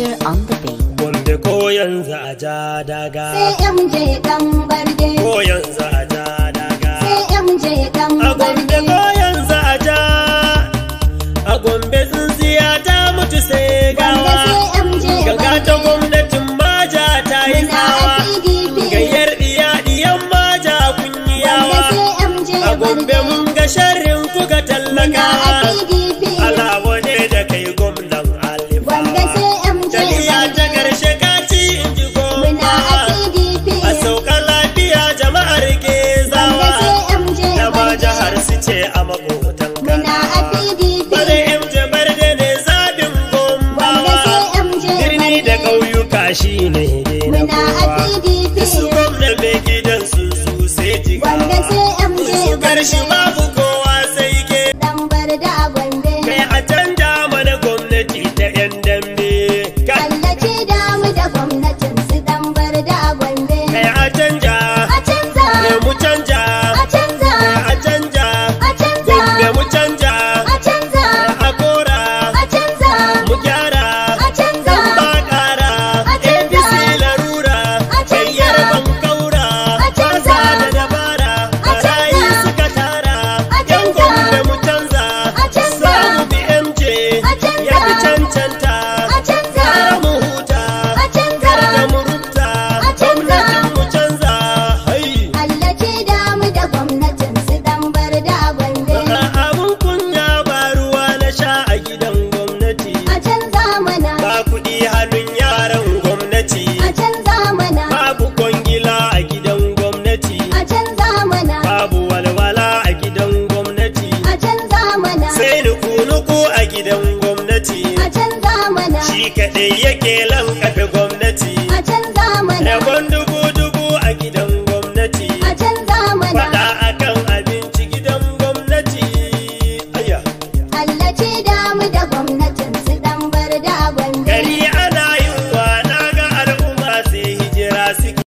Niger on the beat. Gombe ko yanzu a ja daga. Sai je dan barge. Ko yanzu a ja daga. Sai MJ dan A Gombe ko yanzu a ja. A Gombe tsintsiya ta mutu sai gawa. Gaga ta gwamnatin maja ta yi ga Gayyar diya diyan maja kunyiyawa. A Gombe mun ga sharrin kuka tallakawa. a Muna a PDP. MJ ne zaɓin gombawa. Birni da ƙauyuka shi ne na Muna a PDP. Su mai gidan su su sai Wanda sai yake lankafe gwamnati